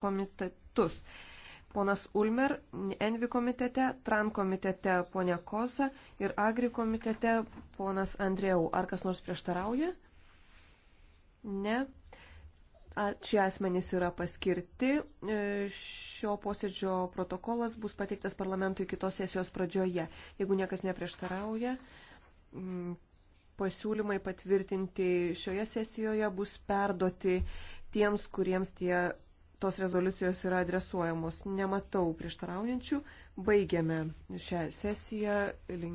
komitetus. Ponas Ulmer, Envi komitete, Tran komitete ponia Kosa ir Agri komitete ponas Andrėjau. Ar kas nors prieštarauja? Ne. Šie asmenys yra paskirti. E, šio posėdžio protokolas bus pateiktas parlamentui kitos sesijos pradžioje. Jeigu niekas neprieštarauja, pasiūlymai patvirtinti šioje sesijoje bus perduoti tiems, kuriems tie tos rezoliucijos yra adresuojamos. Nematau prieštaraujančių. Baigiame šią sesiją. Link